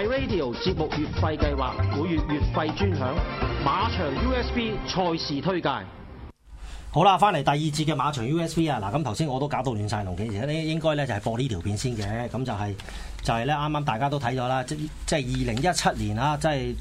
MyRadio 節目月費計劃，每月月費專享馬場 USB 賽事推介。好啦，翻嚟第二節嘅馬場 USB 啊！嗱，咁頭先我都搞到亂晒龍，嘅，其實咧應該咧就係播呢條片先嘅。咁就係就係咧，啱啱大家都睇咗啦，即即係二零一七年啊，即係。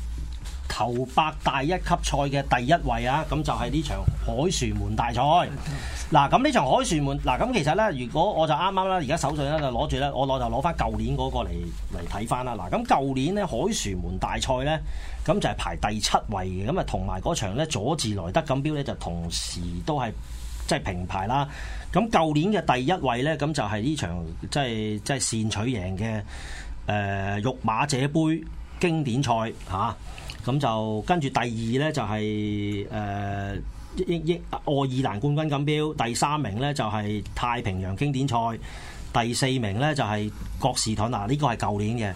頭百大一級賽嘅第一位啊，咁就係呢場凱旋門大賽。嗱，咁呢場凱旋門嗱，咁其實呢，如果我就啱啱咧，而家手上咧就攞住呢，我攞就攞翻舊年嗰個嚟嚟睇翻啦。嗱，咁舊年呢，凱旋門大賽呢，咁就係排第七位嘅。咁啊，同埋嗰場咧，佐治萊德錦標呢，就同時都係即係平排啦。咁舊年嘅第一位呢，咁就係呢場即係即係善取贏嘅誒、呃、育馬者杯經典賽嚇。啊。咁就跟住第二呢、就是，就係誒英英愛爾蘭冠軍錦標，第三名呢，就係太平洋經典賽，第四名呢，就係葛士坦。嗱呢個係舊年嘅，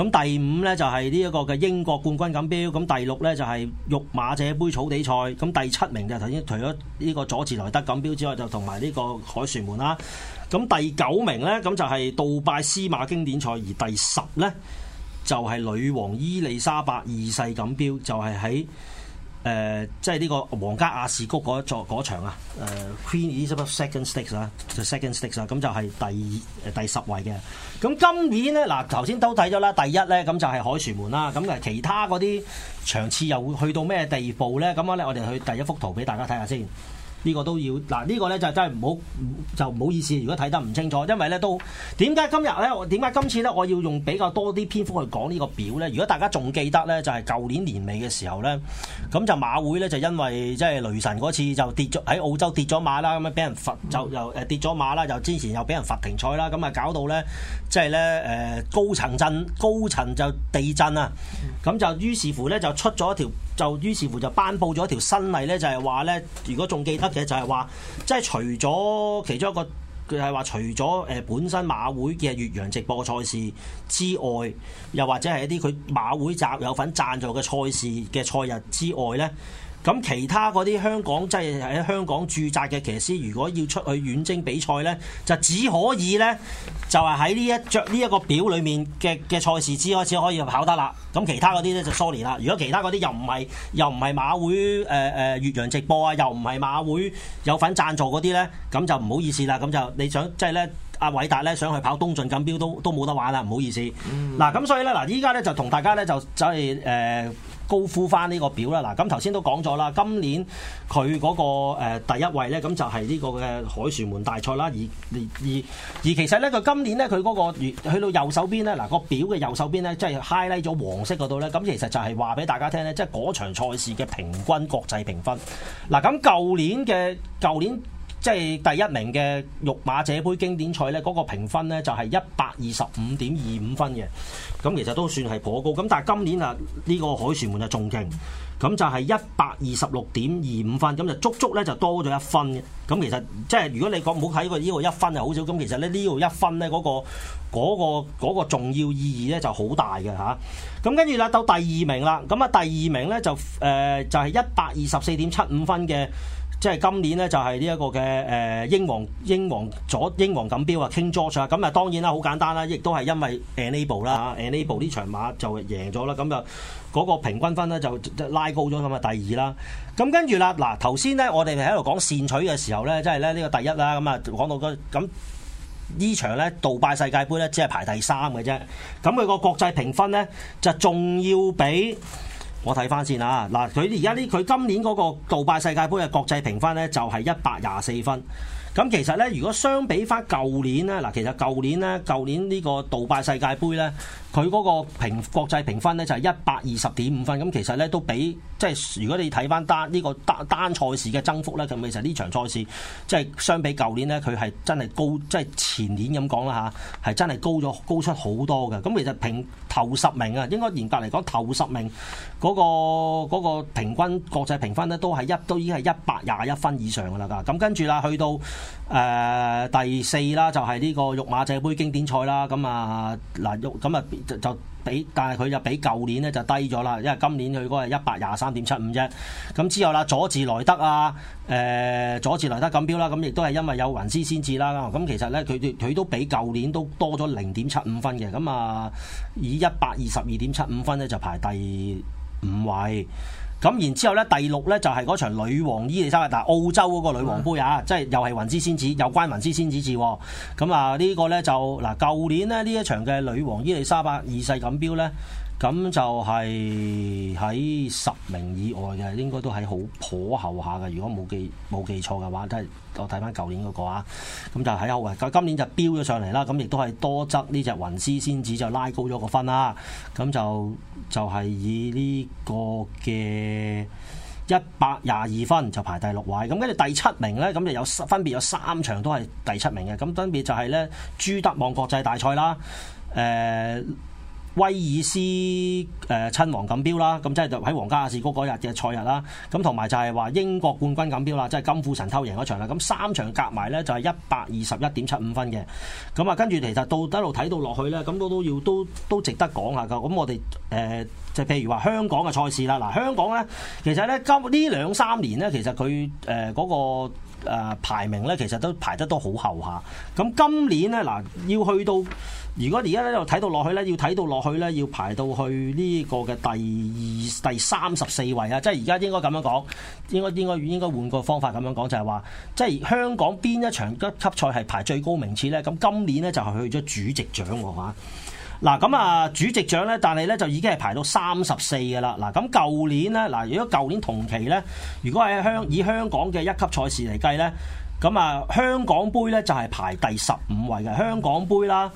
咁第五呢，就係呢一個嘅英國冠軍錦標，咁第六呢，就係育馬者杯草地賽，咁第七名就係頭先除咗呢個佐治萊德錦標之外，就同埋呢個凱旋門啦，咁第九名呢，咁就係杜拜司馬經典賽，而第十呢。就係女王伊麗莎白二世錦標，就係喺誒，即係呢個皇家亞士谷嗰座嗰場啊，誒、呃、Queen Elizabeth Second Stakes 啦 The Second Stakes 啊，咁就係第第十位嘅。咁今年咧，嗱頭先都睇咗啦，第一咧咁就係凱旋門啦。咁誒其他嗰啲場次又會去到咩地步咧？咁咧，我哋去第一幅圖俾大家睇下先。呢個都要嗱，這個、呢個咧就真係唔好就唔好意思，如果睇得唔清楚，因為咧都點解今日咧？我點解今次咧我要用比較多啲篇幅去講呢個表咧？如果大家仲記得咧，就係、是、舊年年尾嘅時候咧，咁就馬會咧就因為即係、就是、雷神嗰次就跌咗喺澳洲跌咗馬啦，咁樣俾人罰就又誒跌咗馬啦，又之前又俾人罰停賽啦，咁啊搞到咧即係咧誒高層震高層就地震啊，咁就於是乎咧就出咗一條。就於是乎就頒佈咗一條新例咧，就係話咧，如果仲記得嘅就係話，即係除咗其中一個，佢係話除咗誒本身馬會嘅越洋直播賽事之外，又或者係一啲佢馬會集有份贊助嘅賽事嘅賽日之外咧。.咁其他嗰啲香港即係喺香港駐紮嘅騎師，如果要出去遠征比賽呢，就只可以呢，就係喺呢一張呢一個表裏面嘅嘅賽事之開始可以跑得啦。咁其他嗰啲呢，就 sorry 啦。如果其他嗰啲又唔係又唔係馬會誒誒越洋直播啊，又唔係馬會有份贊助嗰啲呢，咁就唔好意思啦。咁就你想即係呢，阿偉達呢，想去跑東進錦標都都冇得玩啦，唔好意思。嗱咁、嗯啊、所以呢，嗱，依家呢，就同大家呢，就即係誒。高呼翻呢個表啦！嗱，咁頭先都講咗啦，今年佢嗰個誒第一位呢，咁就係、是、呢個嘅凱旋門大賽啦。而而而其實呢，佢今年呢，佢嗰、那個去到右手邊呢，嗱、那個表嘅右手邊呢，即、就、係、是、highlight 咗黃色嗰度呢。咁其實就係話俾大家聽呢，即係嗰場賽事嘅平均國際評分。嗱，咁舊年嘅舊年。即係第一名嘅育馬者杯經典賽呢嗰、那個評分呢，就係一百二十五點二五分嘅，咁其實都算係頗高。咁但係今年啊，呢個凱旋門就仲勁，咁就係一百二十六點二五分，咁就足足呢就多咗一分。咁其實即係如果你講冇睇過呢度一分就好少，咁其實咧呢度、這個、一分呢、那、嗰個嗰、那個嗰、那個重要意義呢就好大嘅吓，咁、啊、跟住啦，到第二名啦，咁啊第二名呢就誒、呃、就係一百二十四點七五分嘅。即係今年咧就係呢一個嘅誒英皇英皇左英皇錦標啊，King George 啊，咁啊當然啦，好簡單啦，亦都係因為 Enable 啦，Enable 呢場馬就贏咗啦，咁就嗰個平均分咧就拉高咗，咁啊第二啦，咁跟住啦嗱，頭先咧我哋喺度講善取嘅時候咧，即係咧呢個第一啦，咁啊講到個咁呢場咧杜拜世界盃咧只係排第三嘅啫，咁佢個國際評分咧就仲要比。我睇翻先啦，嗱，佢而家呢，佢今年嗰個杜拜世界杯嘅國際評分呢，就係一百廿四分。咁其實呢，如果相比翻舊年呢，嗱，其實舊年呢，舊年呢個杜拜世界杯呢。佢嗰個平國際評分呢，就係一百二十點五分，咁其實呢，都比即係如果你睇返單呢，呢個單單賽事嘅增幅呢，咁其實呢場賽事即係相比舊年呢，佢係真係高，即係前年咁講啦吓，係、啊、真係高咗高出好多嘅。咁其實平頭十名啊，應該嚴格嚟講頭十名嗰，嗰個嗰，嗰個嗰個平均國際評分呢，都係一都已經係一百廿一分以上㗎啦。咁跟住啦，去到誒、呃、第四啦，就係、係、呢個育馬者杯經典賽啦。咁啊嗱育咁啊。就比，但係佢就比舊年呢就低咗啦，因為今年佢嗰個係一百廿三點七五啫。咁之後啦，佐治萊德啊，誒、呃，佐治萊德錦標啦，咁亦都係因為有雲絲先至啦。咁其實呢，佢佢都比舊年都多咗零點七五分嘅。咁啊，以一百二十二點七五分呢，就排第五位。咁然之後咧，第六咧就係、是、嗰場女王伊麗莎白，嗱澳洲嗰個女王杯啊，啊即係又係雲絲仙子，又關雲絲仙子事喎。咁啊，這個、呢個咧就嗱，舊、啊、年呢，呢一場嘅女王伊麗莎白二世錦標咧，咁就係喺十名以外嘅，應該都係好頗後下嘅。如果冇記冇記錯嘅話，即係我睇返舊年嗰、那個啊。咁就喺後、啊，今年就飆咗上嚟啦。咁亦都係多則呢隻雲絲仙子就拉高咗個分啦。咁、啊、就。就係以呢個嘅一百廿二分就排第六位，咁跟住第七名呢，咁就有分別有三場都係第七名嘅，咁分別就係呢朱德望國際大賽啦，誒、呃。威爾斯誒、呃、親王錦標啦，咁即係喺皇家亞士谷嗰日嘅賽日啦，咁同埋就係話英國冠軍錦標啦，即係金庫神偷贏嗰場啦，咁三場夾埋咧就係一百二十一點七五分嘅，咁啊跟住其實到底一路睇到落去咧，咁都都要都都值得講下㗎，咁我哋即、呃、就譬如話香港嘅賽事啦，嗱香港咧其實咧今呢兩三年咧，其實佢誒嗰個。誒排名咧，其實都排得都好後下。咁今年呢，嗱要去到，如果而家咧又睇到落去咧，要睇到落去咧，要排到去呢個嘅第二第三十四位啊！即係而家應該咁樣講，應該應該應該換個方法咁樣講，就係話，即係香港邊一場一級賽係排最高名次咧？咁今年呢，就係去咗主席獎喎嚇。嗱咁啊，主席獎呢，但係呢，就已經係排到三十四嘅啦。嗱咁舊年呢，嗱如果舊年同期呢，如果喺香以香港嘅一級賽事嚟計呢，咁啊香港杯呢，就係排第十五位嘅。香港杯啦，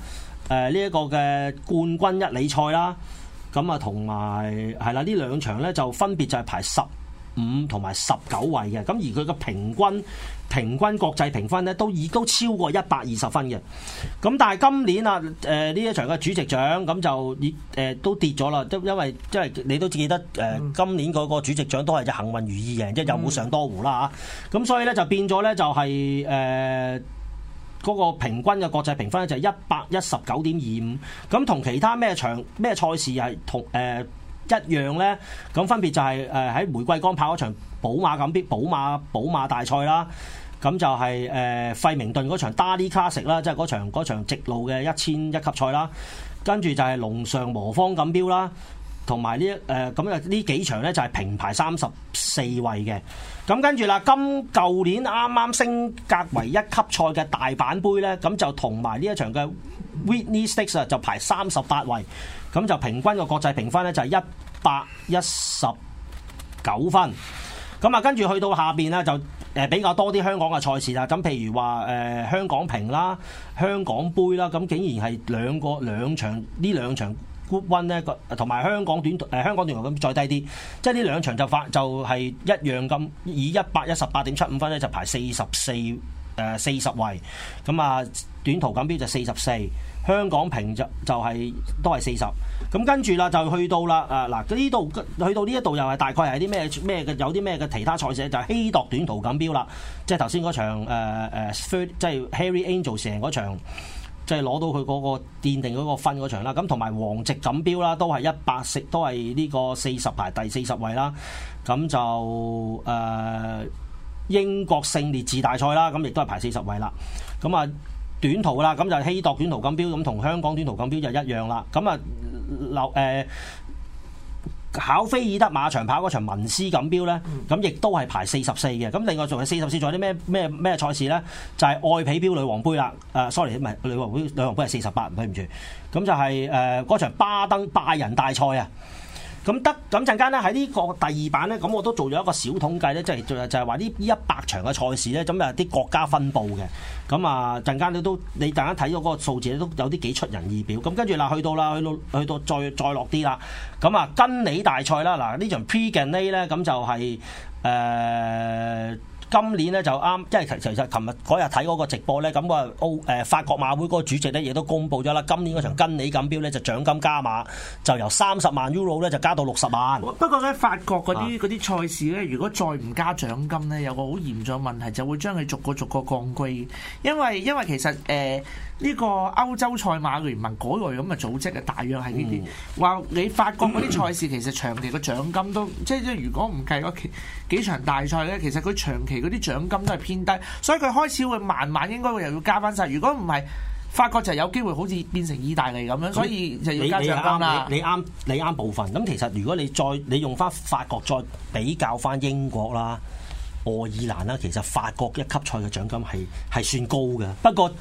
誒呢一個嘅冠軍一哩賽啦，咁啊同埋係啦，呢兩場呢，就分別就係排十。五同埋十九位嘅，咁而佢嘅平均平均國際評分呢都已都超過一百二十分嘅。咁但係今年啊，誒、呃、呢一場嘅主席獎咁就誒都跌咗啦，都因為即係你都記得誒、呃，今年嗰個主席獎都係就幸運如意贏，即係又冇上多湖啦嚇。咁、啊、所以咧就變咗咧就係誒嗰個平均嘅國際評分咧就係一百一十九點二五。咁、嗯、同、嗯、其他咩場咩賽事係同誒？呃一樣呢，咁分別就係誒喺玫瑰崗跑嗰場寶馬錦標寶馬寶馬大賽啦，咁就係、是、誒、呃、費明頓嗰場 Darley 卡食啦，即係嗰場直路嘅一千一級賽啦，跟住就係龍上磨坊錦標啦，同埋呢一誒咁啊呢幾場呢，就係平排三十四位嘅，咁跟住嗱今舊年啱啱升格為一級賽嘅大阪杯呢，咁就同埋呢一場嘅。Winnipeg 啊就排三十八位，咁就平均個國際評分咧就係一百一十九分，咁啊跟住去到下邊咧就誒比較多啲香港嘅賽事啦，咁譬如話誒、呃、香港瓶啦、香港杯啦，咁竟然係兩個兩場呢兩場 group one 咧，同埋香港短誒、呃、香港短途咁再低啲，即係呢兩場就發就係、是、一樣咁，以一百一十八點七五分咧就排四十四。誒四十位，咁啊短途錦標就四十四，香港平就就係、係都係四十。咁跟住啦，就去到啦誒嗱，呢、啊、度去到呢一度又係大概係啲咩咩嘅，有啲咩嘅其他賽事就希、係、度短途錦標啦。即係頭先嗰場誒、呃、即係 Harry Angel 成嗰場，即係攞到佢嗰個奠定嗰個分嗰場啦。咁同埋王直錦標啦，都係一百四，都係呢個四十排第四十位啦。咁就誒。呃英國聖烈治大賽啦，咁亦都係排四十位啦。咁啊短途啦，咁就希奪短途錦標咁同香港短途錦標就一樣啦。咁、嗯、啊，留、呃、誒考菲爾德馬場跑嗰場文斯錦標呢，咁亦都係排四十四嘅。咁另外仲有四十四，仲有啲咩咩咩賽事呢？就係、是、愛彼錶女王杯啦。誒，sorry，唔係女王杯，女王杯係四十八，對唔住。咁就係誒嗰場巴登拜仁大賽啊。咁得咁陣間咧喺呢個第二版咧，咁我都做咗一個小統計咧，即係就係就話呢一百場嘅賽事咧，咁啊啲國家分佈嘅，咁啊陣間你都你陣間睇到嗰個數字都有啲幾出人意表。咁跟住嗱，去到啦，去到去到再再落啲啦，咁啊跟你大賽啦，嗱呢場 pre-game 咧，咁就係誒。今年咧就啱，即係其實琴日嗰日睇嗰個直播呢，咁啊歐誒法國馬會嗰個主席呢，亦都公布咗啦，今年嗰場跟你錦標呢，就獎金加碼，就由三十萬歐呢，就加到六十萬。不過呢，法國嗰啲嗰啲賽事呢，如果再唔加獎金呢，有個好嚴重嘅問題，就會將佢逐個逐個降歸，因為因為其實誒。呃呢個歐洲賽馬聯盟嗰類咁嘅組織啊，大約係呢啲。話你法國嗰啲賽事其實長期嘅獎金都，即係即係如果唔計嗰幾場大賽咧，其實佢長期嗰啲獎金都係偏低，所以佢開始會慢慢應該會又要加翻晒。如果唔係，法國就有機會好似變成意大利咁樣，那所以就要加獎金啦。你啱，你啱部分。咁其實如果你再你用翻法國再比較翻英國啦、愛爾蘭啦，其實法國一級賽嘅獎金係係算高嘅，不過。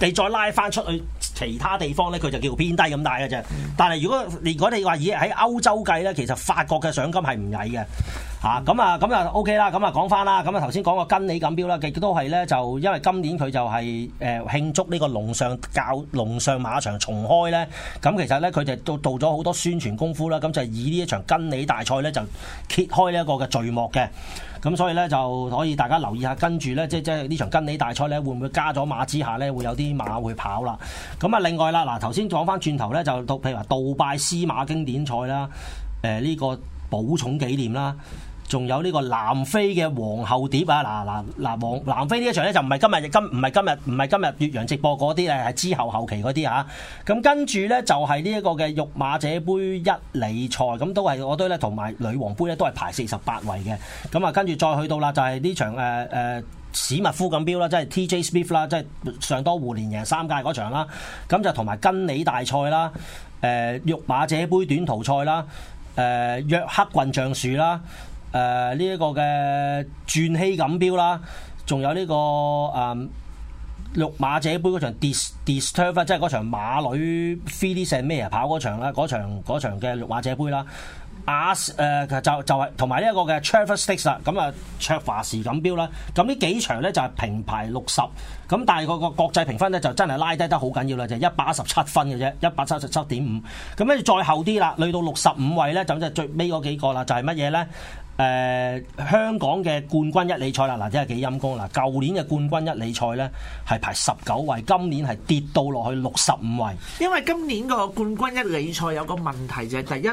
你再拉翻出去其他地方咧，佢就叫偏低咁大嘅啫。但係如果如果你話以喺歐洲計咧，其實法國嘅賞金係唔矮嘅。吓咁啊咁啊 OK 啦，咁啊講翻啦。咁啊頭先講個跟你錦標啦，亦都係咧就因為今年佢就係誒慶祝呢個龍上教龍上馬場重開咧。咁其實咧佢哋都做咗好多宣傳功夫啦。咁就以呢一場跟你大賽咧就揭開呢一個嘅序幕嘅。咁所以咧就可以大家留意下，跟住咧即即係呢場跟你大賽咧會唔會加咗馬之下咧會。有啲馬會跑啦，咁啊 另外啦，嗱頭先講翻轉頭咧，就到譬如話杜拜司馬經典賽啦，誒、呃、呢、這個寶塚紀念啦，仲有呢個南非嘅皇后碟啊，嗱嗱嗱皇南非呢一場咧就唔係今日，今唔係今日，唔係今日，越洋直播嗰啲誒，係之後後期嗰啲啊，咁、啊、跟住咧就係呢一個嘅育馬者杯一哩賽，咁、啊、都係我都咧同埋女王杯咧都係排四十八位嘅，咁啊跟住再去到啦，就係呢場誒誒，呃史密夫錦標啦，即係 TJ Smith 啦，即係上多湖連贏三屆嗰場啦，咁就同埋根你大賽啦，誒、呃、玉馬者杯短途賽啦，誒、呃、約克郡橡樹啦，誒呢一個嘅鑽禧錦標啦，仲有呢、呢個誒、呃、玉馬者杯嗰場跌跌 t e r 即係嗰場馬女 Filly 勝，咩啊跑嗰場啦，嗰場嗰場嘅玉馬者杯啦。亞、啊、就就係同埋呢一個嘅 Cherford Stakes 啦、啊，咁啊卓華士錦標啦，咁呢幾場呢，就係、是、平排六十，咁但係個個國際評分呢，就真係拉低得好緊要啦，就一百一十七分嘅啫，一百七十七點五，咁跟住再後啲啦，累到六十五位呢，就即、是、係最尾嗰幾個啦，就係乜嘢呢？誒、呃，香港嘅冠軍一哩賽啦，嗱、啊，真係幾陰功啦！舊年嘅冠軍一哩賽呢，係排十九位，今年係跌到落去六十五位。因為今年個冠軍一哩賽有個問題就係、是、第一。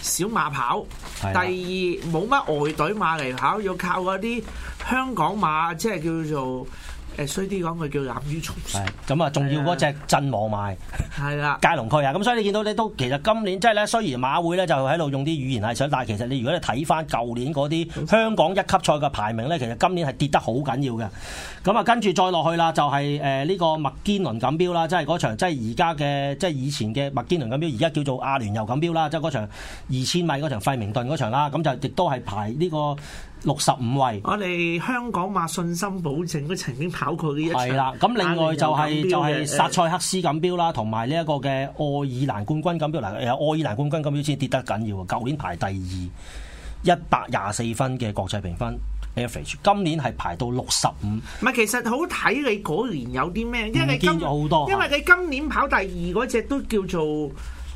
小馬跑，是的 第二冇乜外隊馬嚟跑，要靠嗰啲香港馬，即係叫做。誒、呃，衰啲講佢叫染於重上，咁啊、嗯，仲要嗰隻震網賣，係啦，界龍區啊，咁所以你見到你都其實今年即係咧，雖然馬會咧就喺度用啲語言係想，但係其實你如果你睇翻舊年嗰啲香港一級賽嘅排名咧，其實今年係跌得好緊要嘅。咁啊，跟住再落去啦，就係誒呢個麥堅倫錦標啦，即係嗰場即係而家嘅即係以前嘅麥堅倫錦標，而家叫做亞聯酋錦標啦，即係嗰場二千米嗰場費明頓嗰場啦，咁就亦都係排呢、這個。六十五位， 我哋香港馬信心保證都曾經跑過呢一場。係啦，咁另外就係、是、就係薩賽克斯錦標啦，同埋呢一個嘅愛爾蘭冠軍錦標，嗱，有愛爾蘭冠軍錦標先跌得緊要啊！舊年排第二，一百廿四分嘅國際評分 average 今年係排到六十五。唔係，其實好睇你嗰年有啲咩，因為今，多因為你今年跑第二嗰隻都叫做。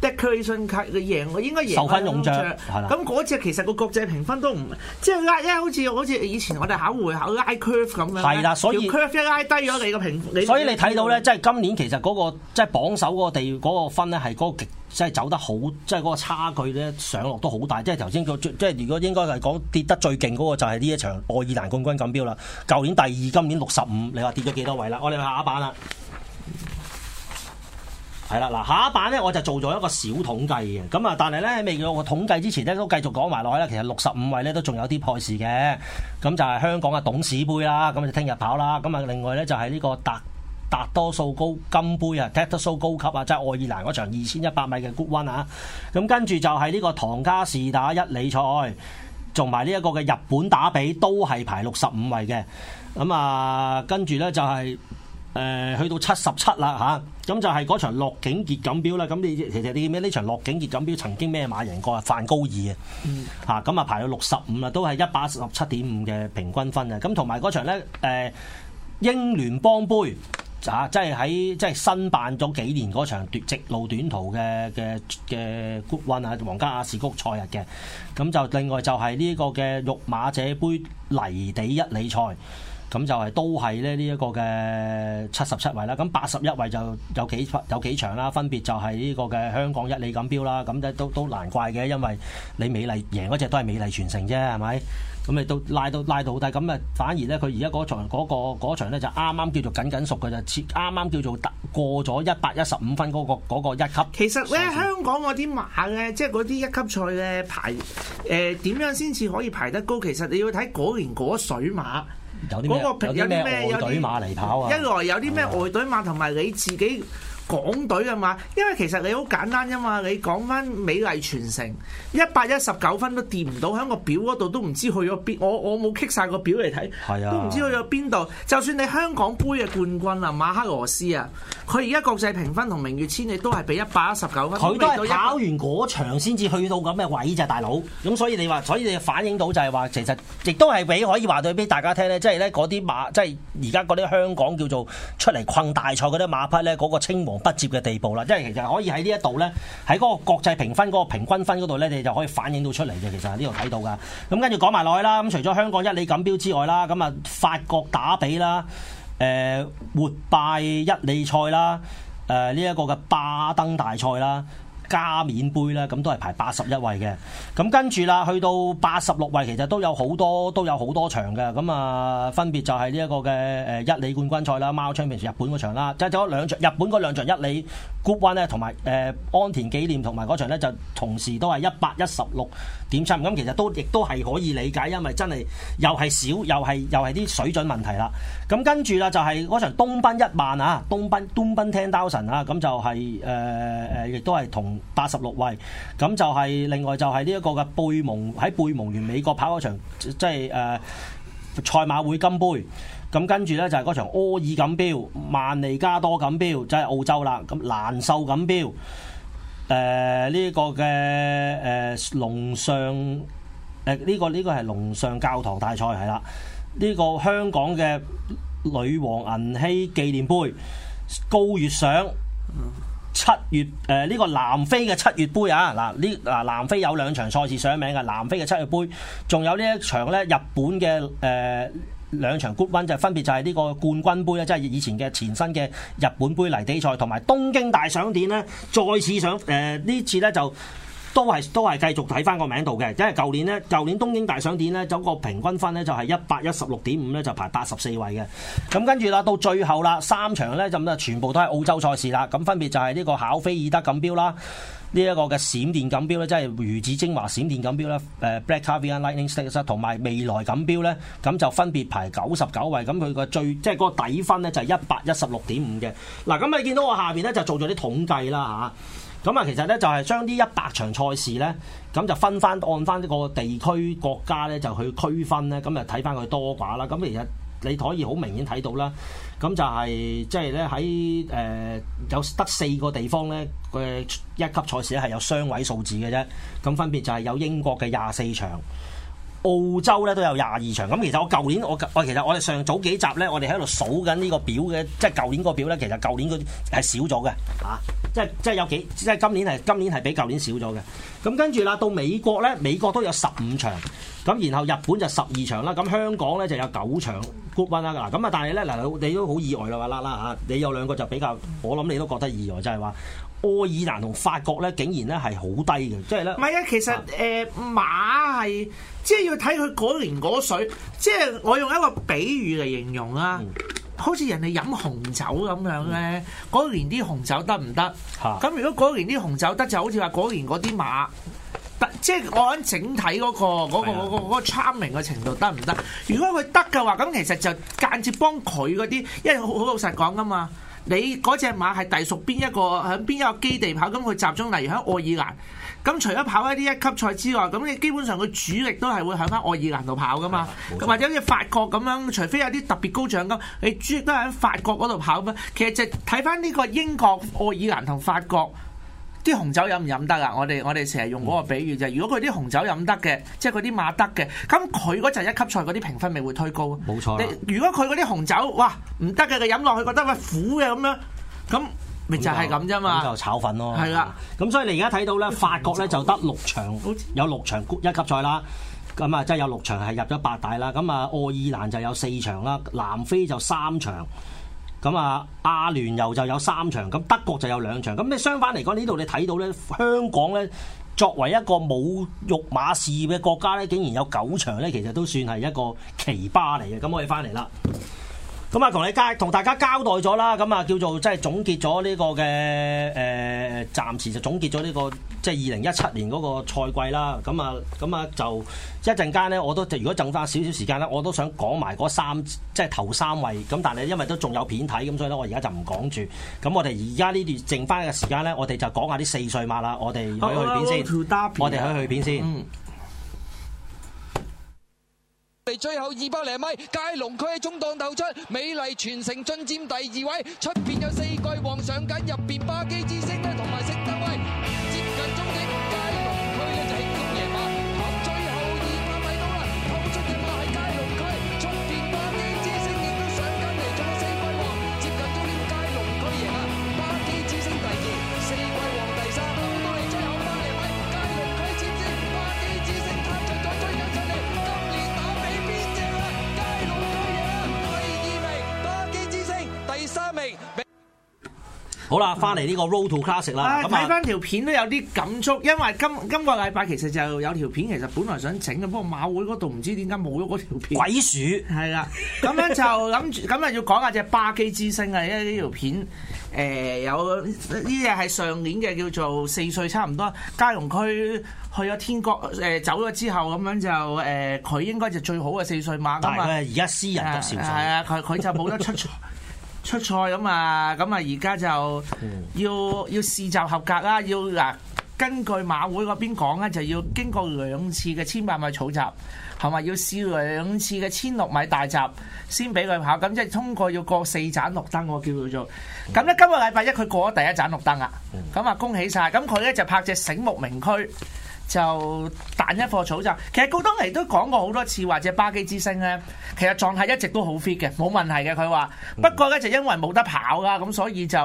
Declaration 級嘅贏，我應該贏，應該贏受分榮章，咁嗰隻其實個國際評分都唔，即係好似好似以前我哋考會考拉 curve 咁樣。係啦，所以 curve 一拉低咗你個評。所以你睇到咧，即係今年其實嗰個即係榜首個地嗰個分呢，係嗰個極即係走得好，即係嗰個差距咧上落都好大。即係頭先即係如果應該係講跌得最勁嗰個就係呢一場愛爾蘭冠軍錦標啦。舊年第二，今年六十五，你話跌咗幾多位啦？我哋下一版啦。係啦，嗱下一版咧我就做咗一個小統計嘅，咁啊，但係咧喺未我統計之前咧都繼續講埋落去啦。其實六十五位咧都仲有啲賽事嘅，咁就係香港嘅董事杯啦，咁就聽日跑啦。咁啊，另外咧就係、是、呢個達達多數高金杯啊 Tattersalls 高級、就是、one, 啊，即係愛爾蘭嗰場二千一百米嘅谷溫啊，咁跟住就係呢個唐加士打一哩賽，同埋呢一個嘅日本打比都係排六十五位嘅，咁啊跟住咧就係、是。誒去到七十七啦嚇，咁、啊、就係嗰場洛景傑錦標啦。咁你其實你咩呢場洛景傑錦標曾經咩馬贏過范、嗯、啊？范高爾啊，嚇咁啊排到六十五啦，都係一百十七點五嘅平均分啊。咁同埋嗰場咧，誒、啊、英聯邦杯啊，即係喺即係新辦咗幾年嗰場直路短途嘅嘅嘅 Group One 啊，皇家亞士谷賽日嘅。咁、啊、就另外就係呢個嘅育馬者杯泥地一哩賽。咁就係、係、都係咧呢一個嘅七十七位啦，咁八十一位就有幾分有幾場啦，分別就係呢個嘅香港一哩錦標啦。咁都都都難怪嘅，因為你美麗贏嗰隻都係美麗傳承啫，係咪？咁咪都拉到拉到底，低，咁啊反而咧佢而家嗰場嗰咧、嗰個、就啱啱叫做緊緊熟嘅就切啱啱叫做達過咗一百一十五分嗰、嗰個嗰個一級。其實咧香港嗰啲馬咧，即係嗰啲一級賽咧排誒點、呃、樣先至可以排得高？其實你要睇嗰年嗰水馬。嗰、那個有啲咩外隊馬嚟跑啊，一來有啲咩外隊馬同埋你自己。港隊啊嘛，因為其實你好簡單啫嘛，你講翻美麗傳承一百一十九分都掂唔到，響個表嗰度都唔知去咗邊，我我冇棘曬個表嚟睇，係啊，都唔知去咗邊度。就算你香港杯嘅冠軍啊，馬克羅斯啊，佢而家國際評分同明月千里都係俾一百一十九分，佢都係跑完場先至去到咁嘅位啫，大佬。咁所以你話所以你反映到就係話其實亦都係俾可以話對俾大家聽咧，即係咧啲馬即係而家啲香港叫做出嚟困大賽啲馬匹咧，嗰個青黃不接嘅地步啦，即係其實可以喺呢一度呢，喺嗰個國際評分嗰個平均分嗰度呢，你就可以反映到出嚟嘅。其實呢度睇到噶。咁跟住講埋落去啦。咁除咗香港一哩錦標之外啦，咁啊法國打比啦，誒活拜一哩賽啦，誒呢一個嘅巴登大賽啦。加冕杯咧，咁都係排八十一位嘅。咁跟住啦，去到八十六位，其實都有好多都有好多場嘅。咁啊，分別就係呢一個嘅誒一里冠軍賽啦，貓昌平日本嗰場啦，即係走兩場日本嗰兩場一里 Group One 咧，同埋誒安田紀念同埋嗰場咧，就同時都係一百一十六點七。咁其實都亦都係可以理解，因為真係又係少又係又係啲水準問題啦。咁跟住啦，就係嗰場東奔一萬啊，東奔東奔聽刀神啊，咁就係誒誒，亦都係同八十六位。咁就係、是、另外就係呢一個嘅貝蒙喺貝蒙園美國跑嗰場，即係誒賽馬會金杯。咁跟住咧就係嗰場柯爾錦標、曼尼加多錦標，即、就、係、是、澳洲啦。咁蘭秀錦標，誒、呃、呢、這個嘅誒、呃、龍上誒呢、呃這個呢、這個係龍上教堂大賽係啦。呢個香港嘅女王銀禧紀念杯、高月賞，七月誒呢、呃這個南非嘅七月杯啊，嗱呢嗱南非有兩場賽事上名嘅，南非嘅七月杯，仲、啊、有呢一場咧日本嘅誒兩場 Group One 就分別就係呢個冠軍杯啦，即、就、係、是、以前嘅前身嘅日本杯泥地賽，同埋東京大賞典呢再次上誒呢、呃、次呢就。都係都係繼續睇翻個名度嘅，因為舊年咧，舊年東京大賞典咧，就個平均分呢就係一百一十六點五呢就排八十四位嘅。咁跟住啦，到最後啦，三場呢就全部都係澳洲賽事啦。咁分別就係呢個考菲爾德錦標啦，呢一個嘅閃電錦標呢，即係魚子精華閃電錦標啦，誒 Black Caviar Lightning Stakes 同埋未來錦標呢，咁就分別排九十九位。咁佢個最即係嗰個底分呢就係一百一十六點五嘅。嗱，咁你見到我下面呢，就做咗啲統計啦嚇。啊咁啊，其實咧就係將呢一百場賽事咧，咁就分翻按翻呢個地區國家咧，就去區分咧，咁啊睇翻佢多寡啦。咁其實你可以好明顯睇到啦，咁就係即係咧喺誒有得四個地方咧嘅一級賽事咧係有雙位數字嘅啫。咁分別就係有英國嘅廿四場，澳洲咧都有廿二場。咁其實我舊年我我其實我哋上早幾集咧，我哋喺度數緊呢個表嘅，即係舊年個表咧，其實舊年佢係少咗嘅，嚇。即係即係有幾即係今年係今年係比舊年少咗嘅，咁跟住啦到美國咧，美國都有十五場，咁然後日本就十二場啦，咁香港咧就有九場 group one 啦，咁啊但係咧嗱你都好意外啦啦啦嚇，你有兩個就比較我諗你都覺得意外，就係、是、話愛爾蘭同法國咧竟然咧係好低嘅、就是呃，即係咧。唔係啊，其實誒馬係即係要睇佢嗰年嗰水，即係我用一個比喻嚟形容啦。嗯好似人哋飲紅酒咁樣咧，嗰、嗰個、年啲紅酒得唔得？咁 如果嗰年啲紅酒得，就好似話嗰年嗰啲馬得，即係我喺整體嗰、嗰個嗰、嗰個嗰、嗰個嗰 training 嘅程度得唔得？如果佢得嘅話，咁其實就間接幫佢嗰啲，因為好好老實講噶嘛，你嗰隻馬係隸屬邊一個喺邊一個基地跑，咁、嗯、佢、嗯嗯嗯、集中例如喺愛爾蘭。咁除咗跑一啲一級賽之外，咁你基本上佢主力都係會喺返愛爾蘭度跑㗎嘛，冇錯，或者好似法國咁樣，除非有啲特別高獎金，你主力都係喺法國嗰度跑。其實就睇返呢個英國、愛爾蘭同法國啲紅酒飲唔飲得啊？我哋我哋成日用嗰個比喻就係、是，如果佢啲紅酒飲得嘅，即係佢啲馬得嘅，咁佢嗰陣一級賽嗰啲評分咪會推高。冇錯。如果佢嗰啲紅酒哇唔得嘅，佢飲落去覺得佢苦嘅咁樣咁，咪就係咁啫嘛，就，就炒粉咯。係啦的，咁所以你而家睇到咧，法國咧就得六場，好似有六場一級賽啦。咁啊，即係有六場係入咗八大啦。咁啊，愛爾蘭就有四場啦，南非就三場。咁啊，阿聯酋就有三場，咁德國就有兩場。咁你相反嚟講，呢度你睇到咧，香港咧作為一個冇育馬事業嘅國家咧，竟然有九場咧，其實都算係一個奇葩嚟嘅。咁我哋翻嚟啦。咁啊，同你交，同大家交代咗啦。咁啊，叫做即係總結咗呢、呢個嘅誒、呃，暫時就總結咗呢、呢個即係二零一七年嗰個賽季啦。咁啊，咁啊，就一陣間咧，我都如果剩翻少少時間咧，我都想講埋嗰三即係頭三位。咁但係因為都仲有片睇，咁所以咧，我而家就唔講住。咁我哋而家呢段剩翻嘅時間咧，我哋就講下啲四歲馬啦。我哋去片先，oh, oh, oh, oh, 我哋去去片先。嗯嚟最後二百零米，佳龍駒中檔突出，美麗全城進佔第二位，出邊有四季王上緊，入邊巴基之星咧同埋。好啦，翻嚟呢個 Road to Classic 啦。睇翻、啊就啊、條片都有啲感觸，因為今今個禮拜其實就有條片，其實本來想整嘅，不過馬會嗰度唔知點解冇咗嗰條片。鬼鼠係啦，咁樣就諗住，咁啊 要講下隻巴基之星啊，因為呢條片誒、呃、有呢隻係上年嘅，叫做四歲差唔多，嘉龍區去咗天國誒、呃、走咗之後，咁樣就誒佢、呃、應該就最好嘅四歲馬。但係佢而家私人獨佔啊，佢佢就冇得出場。出賽咁啊，咁啊而家就要要試閘合格啦，要嗱根據馬會嗰邊講咧，就要經過兩次嘅千百米草閘，係咪要試兩次嘅千六米大閘先俾佢跑？咁即係通過要過四盞綠燈喎，叫佢做。咁咧今個禮拜一佢過咗第一盞綠燈啊。咁啊恭喜晒！咁佢咧就拍隻醒目名區，就彈一課草就，其實高東尼都講過好多次，或者巴基之星咧，其實狀態一直都好 fit 嘅，冇問題嘅。佢話不過咧就因為冇得跑啦，咁所以就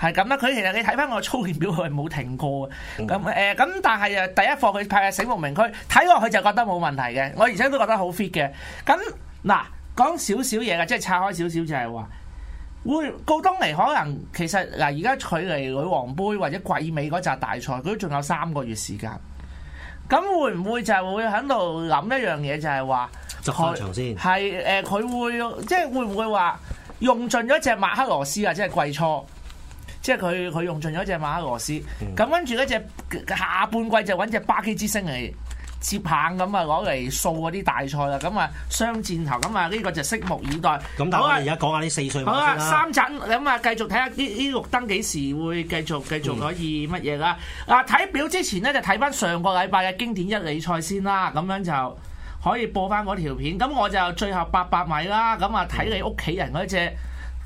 係咁啦。佢其實你睇翻我操練表，佢係冇停過嘅。咁誒咁，但係誒第一課佢派喺醒悟名區，睇落去就覺得冇問題嘅。我而且都覺得好 fit 嘅。咁嗱講少少嘢嘅，即係拆開少少就係話會高東尼可能其實嗱而家距離女王杯或者季尾嗰扎大賽，佢都仲有三個月時間。咁會唔會就係會喺度諗一樣嘢，就係話開場先係誒？佢、呃、會即係會唔會話用盡咗隻馬克羅斯啊？即係季初，即係佢佢用盡咗隻馬克羅斯，咁跟住嗰隻下半季就搵隻巴基之星嚟。接棒咁啊，攞嚟掃嗰啲大賽啦，咁啊雙箭頭，咁啊呢個就拭目以待。咁但係而家講下呢四歲好啦，三陣，咁啊繼續睇下呢啲綠燈幾時會繼續繼續可以乜嘢啦？啊睇表之前呢，就睇翻上個禮拜嘅經典一哩賽先啦，咁樣就可以播翻嗰條片。咁我就最後八百米啦，咁啊睇你屋企人嗰隻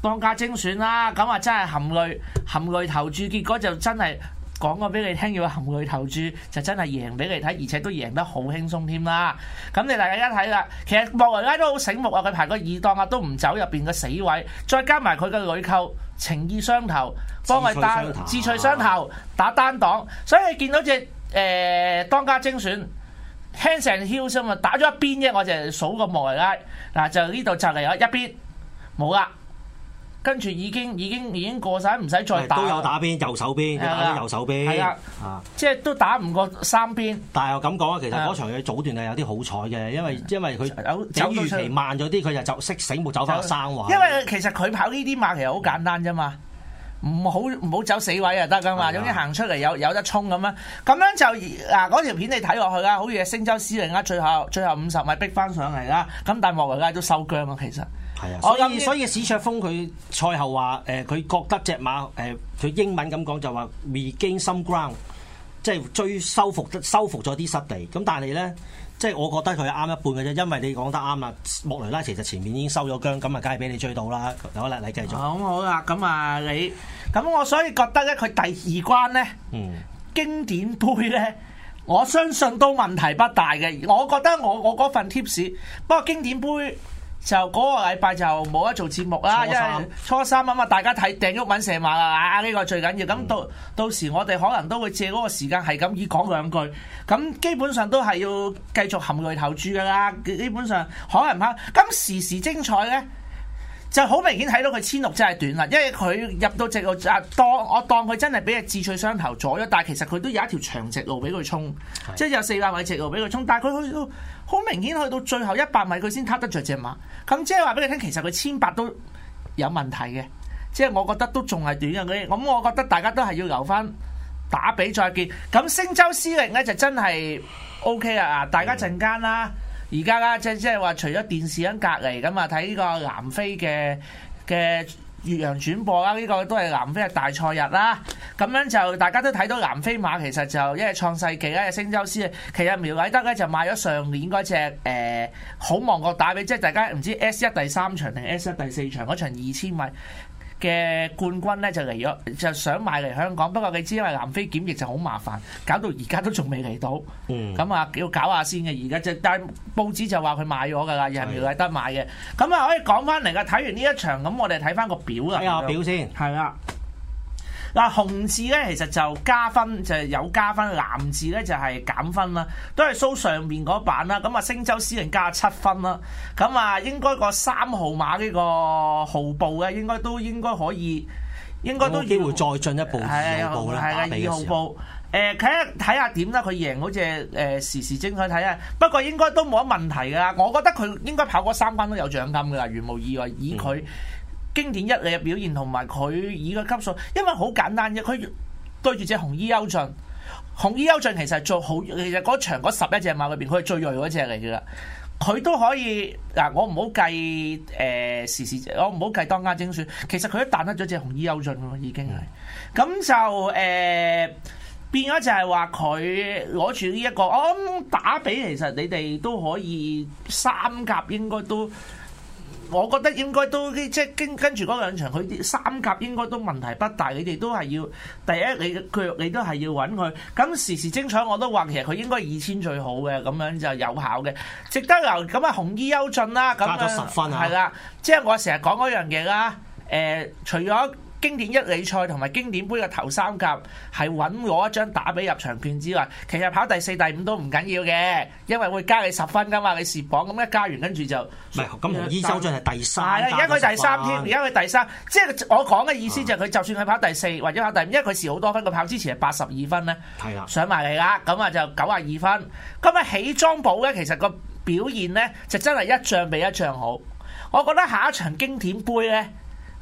當家精選啦，咁啊真係含淚含淚投注，結果就真係。講過俾你聽要含淚投注，就真係贏俾你睇，而且都贏得好輕鬆添啦！咁你大家一睇啦，其實莫雷拉都好醒目啊！佢排個二檔啊，都唔走入面個死位，再加埋佢嘅女扣情意相投，幫佢打智趣相投，相投打單檔，所以你見到隻誒、呃、當家精選 hands and heels 啊打咗一邊啫，我就數個莫雷拉嗱，就呢度就嚟咗一邊冇啦。跟住已經已經已經過晒，唔使再打。都有打邊右手邊，的打到右手邊。係啦，即係都打唔過三邊。但係我咁講啊，其實嗰場嘅早段係有啲好彩嘅的，因為因為佢走預期慢咗啲，佢就走識醒目走翻個生位。的的因為其實佢跑呢啲馬其實好簡單啫嘛，唔好唔好走死位就得噶嘛，總之行出嚟有有得衝咁啊，咁樣就嗱，嗰條片你睇落去啦，好似星洲斯利啊，最後最後五十米逼翻上嚟啦，咁但莫雷拉都收姜啊，其實。係啊，所以所以史卓峰佢賽後話誒，佢、呃、覺得隻馬誒，佢、呃、英文咁講就話 regain some ground，即係追收復收復咗啲失地。咁但係咧，即係我覺得佢啱一半嘅啫，因為你講得啱啊。莫雷拉其實前面已經收咗姜，咁啊，梗係俾你追到啦。好啦，你繼續。好，好啦，咁啊，你咁我所以覺得咧，佢第二關咧，嗯，經典杯咧，我相信都問題不大嘅。我覺得我我嗰份 tips，不過經典杯。就嗰個禮拜就冇得做節目啦，因為初三啊嘛，嗯、大家睇掟鬱敏蛇麻啦，呢、啊呢個最緊要。咁到、嗯、到時我哋可能都會借嗰個時間係咁以講兩句，咁基本上都係要繼續含淚投注噶啦。基本上可能唔咁時時精彩呢。就好明顯睇到佢千六真係短啦，因為佢入到直路啊，當我當佢真係俾嘅智趣雙頭阻咗，但係其實佢都有一條長直路俾佢衝，是的 即係有四百米直路俾佢衝，但係佢去到好明顯去到最後一百米佢先躉得着隻馬，咁即係話俾你聽，其實佢千八都有問題嘅，即係我覺得都仲係短嘅嗰啲，咁我覺得大家都係要留翻打比再見，咁星洲司令呢，就真係 OK 啊，大家陣間啦。是的 嗯而家啦，即係即係話，就是、除咗電視喺隔離㗎啊，睇呢個南非嘅嘅越洋轉播啦，呢、呢個都係南非嘅大賽日啦。咁樣就大家都睇到南非馬其實就因為創世紀啦，星洲師啊，其實苗偉德咧就買咗上年嗰隻誒好望角打比，即係大家唔知 S 一第三場定 S 一第四場嗰場二千米。嘅冠軍咧就嚟咗，就想買嚟香港，不過佢知因為南非檢疫就好麻煩，搞到而家都仲未嚟到。嗯，咁啊要搞下先嘅，而家就但係報紙就話佢買咗㗎啦，又係苗禮德買嘅。咁啊是的 可以講翻嚟噶，睇完呢一場咁，我哋睇翻個表啦。睇下表先，係啦。嗱，紅字咧其實就加分，就係、是、有加分；藍字咧就係、是、減分啦，都係數上面嗰版啦。咁啊，星州私人加七分啦。咁啊，應該個三號馬呢個號步咧，應該都應該可以，應該都有有機會再進一步，步。係啊，係啊，二號步。誒、呃，睇下睇下點啦。佢贏好似誒時時精去睇下。不過應該都冇乜問題噶啦。我覺得佢應該跑過三關都有獎金噶啦，如無意外，以佢。嗯經典一嚟嘅表現同埋佢以個級數，因為好簡單啫。佢對住隻紅衣幽駿，紅衣幽駿其實係做好，其實嗰場嗰十一隻馬裏邊，佢係最銳嗰隻嚟噶，佢都可以嗱，我唔好計誒時時，我唔好計當家精選，其實佢都彈得咗隻紅衣幽駿噶嘛，已經係，咁就誒、呃、變咗就係話佢攞住呢一個，我諗打比其實你哋都可以三甲應該都。我覺得應該都即係跟住嗰兩場，佢啲三甲應該都問題不大。你哋都係要第一，你佢你都係要揾佢。咁時時精彩，我都話其實佢應該二千最好嘅，咁樣就有效嘅。值得由咁啊，紅衣優進啦，咁加咗十分啊，係啦，即係我成日講嗰樣嘢啦。誒、呃，除咗。經典一哩賽同埋經典杯嘅頭三甲係搵我一張打俾入場券之外，其實跑第四、第五都唔緊要嘅，因為會加你十分㗎嘛，你蝕榜咁一加完跟住就係咁同依周俊係第三，而家佢第三添，而家佢第三，即係我講嘅意思就係佢、嗯、就算佢跑第四或者跑第五，因為佢蝕好多分，佢跑之前係八十二分咧，係啦的，上埋嚟啦，咁啊就九十二分。咁啊起莊寶咧，其實個表現咧就真係一仗比一仗好。我覺得下一場經典杯咧。呢呢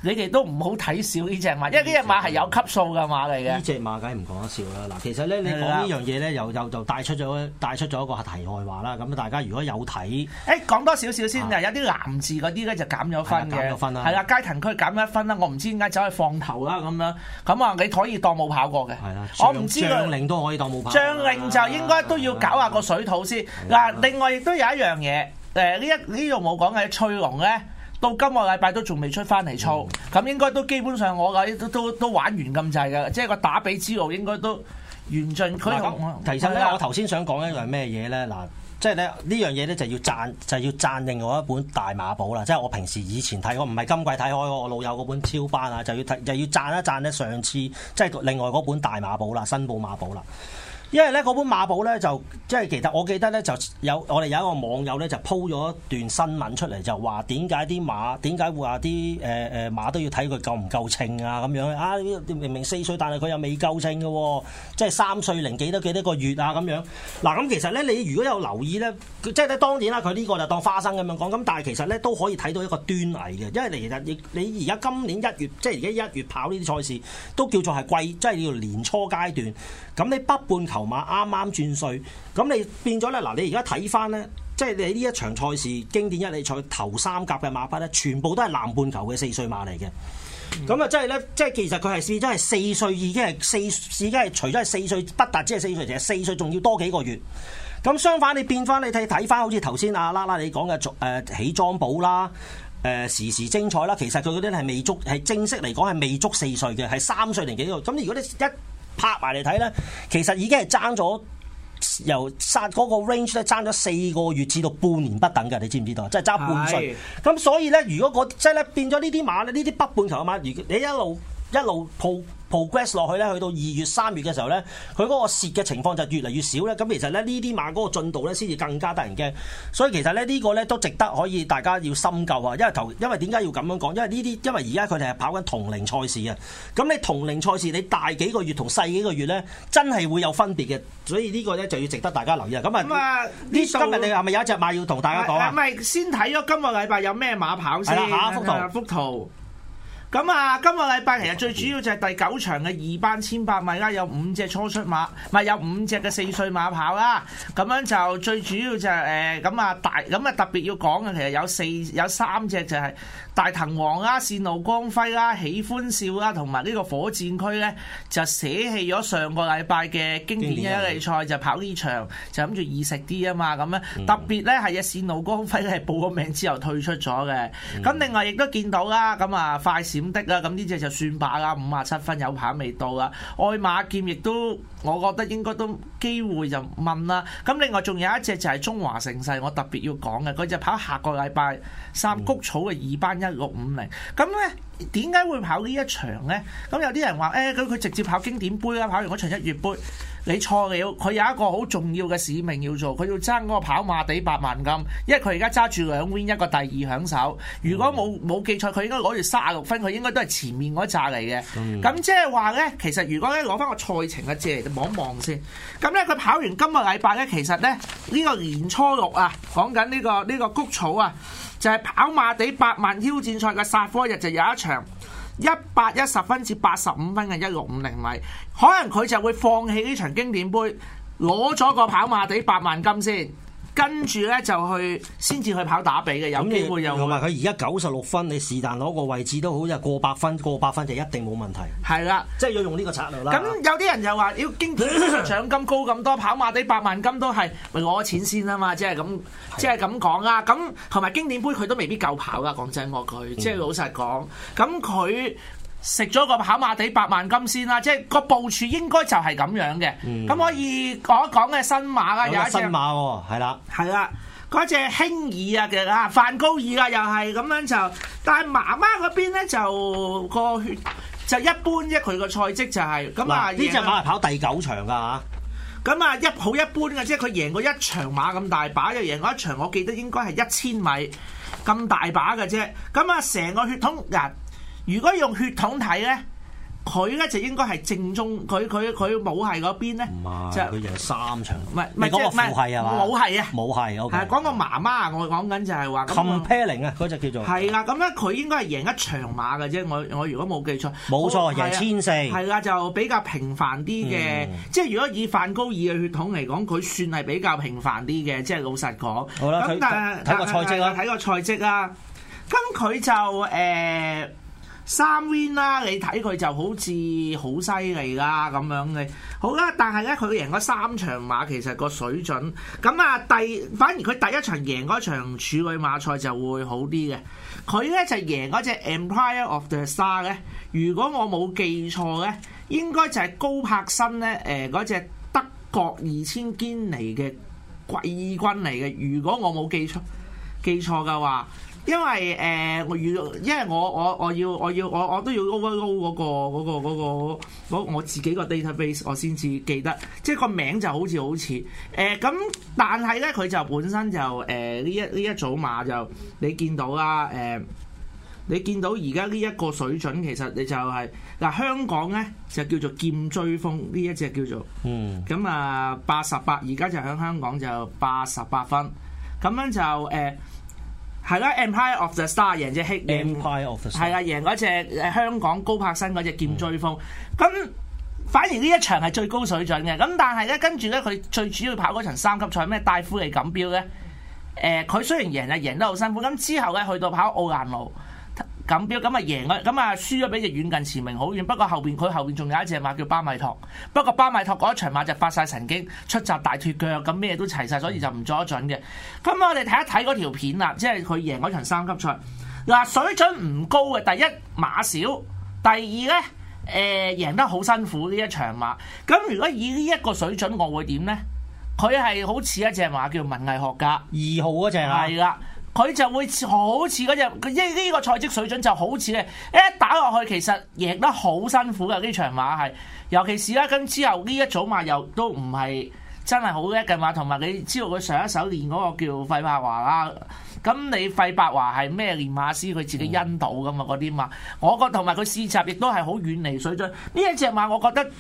你哋都唔好睇少呢隻馬，因為呢隻馬係有級數嘅馬嚟嘅。呢隻馬梗係唔講得笑啦！嗱，其實咧，你講呢樣嘢咧，又又就帶出咗帶出咗一個題外話啦。咁大家如果有睇，誒講多少少先有啲難字嗰啲咧就減咗分分啦。係啦，街騰區減一分啦，我唔知點解走去放頭啦咁樣。咁啊，你可以當冇跑過嘅。係啦，我唔知佢。將領都可以當冇跑。將領就應該都要搞下個水土先。嗱，另外亦都有一樣嘢，誒呢一呢度冇講嘅翠龍咧。到今個禮拜都仲未出翻嚟，操咁，應該都基本上我嗰啲都都都玩完咁滯嘅，即係個打比之路應該都完盡。佢又講其實咧，我頭先想講一樣咩嘢咧？嗱，即係咧呢樣嘢咧就要贊，就要贊另外一本大馬寶啦，即係我平時以前睇，我唔係今季睇開我老友嗰本超班啊，就要睇就要贊一贊咧，上次即係另外嗰本大馬寶啦，新報馬寶啦。因為咧嗰本馬報咧，就即係其實我記得咧，就有我哋有一個網友咧，就 po 咗一段新聞出嚟，就話點解啲馬點解會話啲誒誒馬都要睇佢夠唔夠稱啊咁樣啊？明明四歲，但係佢又未夠稱嘅，哦，即係三歲零幾多幾多個月啊咁樣。嗱、啊、咁其實咧，你如果有留意咧，即係咧當然啦，佢呢個就當花生咁樣講，咁但係其實咧都可以睇到一個端倪嘅，因為其實你你而家今年一月，即係而家一月跑呢啲賽事都叫做係貴，即係叫年初階段。咁你北半球頭馬啱啱轉歲，咁你變咗咧？嗱，你而家睇翻咧，即係你呢一場賽事經典一哩賽頭三甲嘅馬匹咧，全部都係南半球嘅四歲馬嚟嘅。咁啊、嗯，即係咧，即係其實佢係試真係四歲，已經係四，已經係除咗係四歲，不達即係四歲，其實四歲仲要多幾個月。咁相反你，你變翻你睇睇翻，好似頭先阿拉拉你講嘅誒起莊寶啦，誒、呃、時時精彩啦，其實佢嗰啲咧係未足，係正式嚟講係未足四歲嘅，係三歲零幾個月。咁如果你一拍埋嚟睇咧，其實已經係爭咗由三嗰個 range 咧爭咗四個月至到半年不等嘅，你知唔知道啊？即係爭半歲。咁是的 所以咧，如果我、嗰個、即係咧變咗呢啲馬咧，呢啲北半球嘅馬，如你一路一路鋪 progress 落去咧，去到二月三月嘅時候咧，佢嗰個蝕嘅情況就越嚟越少咧。咁其實咧，呢啲馬嗰個進度咧，先至更加得人驚。所以其實咧，呢個咧都值得可以大家要深究啊。因為頭，因為點解要咁樣講？因為呢啲，因為而家佢哋係跑緊同齡賽事啊。咁你同齡賽事，你大幾個月同細幾個月咧，真係會有分別嘅。所以呢個咧就要值得大家留意啊。咁啊，嗯、今日你係咪有一隻馬要同大家講啊？唔係，先睇咗今個禮拜有咩馬跑先。係啦，下一幅圖。咁啊，今個禮拜其實最主要就係第九場嘅二班千八米啦，有五隻初出馬，咪有五隻嘅四歲馬跑啦。咁樣就最主要就係、是、誒，咁、呃、啊大，咁啊特別要講嘅，其實有四有三隻就係大藤王啦、線路光輝啦、喜歡笑啦，同埋呢個火箭駒咧就捨棄咗上個禮拜嘅經典嘅一哩賽，就跑呢場，就諗住易食啲啊嘛。咁樣特別咧係嘅線路光輝咧係報個名之後退出咗嘅。咁、嗯、另外亦都見到啦，咁啊快。點的啦？咁呢隻就算把啦，五啊七分有牌未到啦。愛馬劍亦都，我覺得應該都機會就問啦。咁另外仲有一隻就係中華盛世，我特別要講嘅，佢就跑下個禮拜三谷草嘅二班一六五零。咁咧點解會跑呢一場呢？咁有啲人話誒，佢、哎、佢直接跑經典杯啦，跑完嗰場一月杯。你錯了，佢有一個好重要嘅使命要做，佢要爭嗰個跑馬地百萬金，因為佢而家揸住兩 win 一個第二喺手。如果冇冇記錯，佢應該攞住卅六分，佢應該都係前面嗰一紮嚟嘅。咁即係話呢，其實如果咧攞翻個賽程嘅借嚟望一望先，咁呢，佢跑完今個禮拜呢，其實呢，呢個年初六啊，講緊呢個呢個谷草啊，就係跑馬地百萬挑戰賽嘅煞科日，就有一場。一百一十分至八十五分嘅一六五零米，可能佢就會放棄呢場經典杯，攞咗個跑馬地八萬金先。跟住咧就去，先至去跑打比嘅，有機會，會有，同埋佢而家九十六分，你是但攞個位置都好，又過百分，過百分就一定冇問題。係啦的，即係要用呢個策略啦。咁有啲人又話，妖經典 獎金高咁多，跑馬地百萬金都係，咪攞錢先啊嘛？即係咁，即係咁講啊。」咁同埋經典杯佢都未必夠跑噶。講真我佢，即係老實講，咁佢、嗯。食咗個跑馬地百萬金先啦，即係個部署應該就係咁樣嘅。咁、嗯、可以講一講嘅新馬啦，有一，馬有一隻新馬喎，係啦了，係啦，嗰隻輕耳啊嘅啊梵高爾啦，又係咁樣就。但係媽媽嗰邊咧就個血就一般，啫、就是。佢個賽績就係咁啊。呢隻馬係跑第九場㗎嚇。咁啊一好一般嘅，啫。佢贏過一場馬咁大把，又贏過一場，我記得應該係一千米咁大把嘅啫。咁啊成個血統日。啊如果用血統睇咧，佢咧就應該係正宗，佢佢佢母系嗰邊咧，即係佢贏三場。唔係唔係，即係母系啊嘛，母系啊，母系。係講個媽媽，我講緊就係話。冚 pairing 啊，嗰隻叫做。係啦，咁咧佢應該係贏一場馬嘅啫。我我如果冇記錯。冇錯，贏千四。係啦，就比較平凡啲嘅，即係如果以梵高二嘅血統嚟講，佢算係比較平凡啲嘅。即係老實講。好啦。咁但係睇個賽績啦，睇個賽績啊。咁佢就誒。三 win 啦、啊，你睇佢就好似、啊、好犀利啦咁樣。嘅好啦，但係咧佢贏嗰三場馬其實個水準咁啊，第反而佢第一場贏嗰場處女馬賽就會好啲嘅。佢咧就贏嗰隻 Empire of the Star 咧、呃，如果我冇記錯咧，應該就係高柏森咧誒嗰隻德國二千堅尼嘅季軍嚟嘅。如果我冇記錯記錯嘅話。因為誒、呃，我遇到，因為我我我要我要我我都要 o a o 嗰個嗰、那個嗰、那個那個、我自己個 database，我先至記得，即係個名就好似好似誒咁，但係咧佢就本身就誒呢、呃、一呢一組碼就你見到啦誒、呃，你見到而家呢一個水準其實你就係、是、嗱、呃、香港咧就叫做劍追風呢一隻叫做嗯咁啊八十八，而家就喺香港就八十八分，咁樣就誒。呃係啦 Empire of the Star 贏隻 hit，Empire of the Star，係啦，贏嗰隻香港高柏新嗰隻劍追風。咁、嗯、反而呢一場係最高水準嘅。咁但係咧，跟住咧，佢最主要跑嗰場三級賽咩？戴夫嘅錦標咧，誒、呃，佢雖然贏啊，贏得好辛苦。咁之後咧，去到跑奧蘭路。錦標咁啊贏啊，咁啊輸咗俾隻遠近馳名好遠，不過後邊佢後邊仲有一隻馬叫巴米托。不過巴米托嗰一場馬就發晒神經，出閘大脫腳，咁咩都齊晒，所以就唔做得準嘅。咁我哋睇一睇嗰條片啦，即係佢贏嗰場三級賽，嗱水準唔高嘅，第一馬少，第二咧誒、呃、贏得好辛苦呢一場馬。咁如果以呢一個水準，我會點咧？佢係好似一隻馬叫文藝學家二號嗰隻啊。佢就會好似嗰隻，佢呢呢個賽績水準就好似嘅，一打落去其實贏得好辛苦嘅呢場馬係，尤其是咧咁之後呢一組馬又都唔係真係好叻嘅馬，同埋你知道佢上一手練嗰個叫費伯華啦，咁你費伯華係咩練馬師，佢自己欣到嘅嘛嗰啲馬。我覺同埋佢試閘亦都係好遠離水準，呢一隻馬我覺得。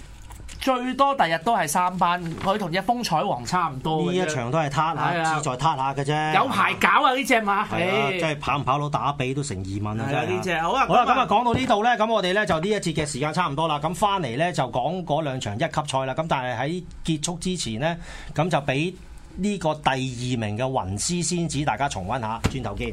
最多第日都係三班，佢同隻風彩王差唔多。呢一場都係攤下，自、啊、在攤下嘅啫。有排搞啊呢隻、啊、馬，真係、啊、跑唔跑到打比都成疑問啦。呢隻好啦，好啦，咁啊講到呢度咧，咁我哋咧就呢一節嘅時間差唔多啦。咁翻嚟咧就講嗰兩場一級賽啦。咁但係喺結束之前呢，咁就俾呢個第二名嘅雲絲仙子，大家重溫下，轉頭見。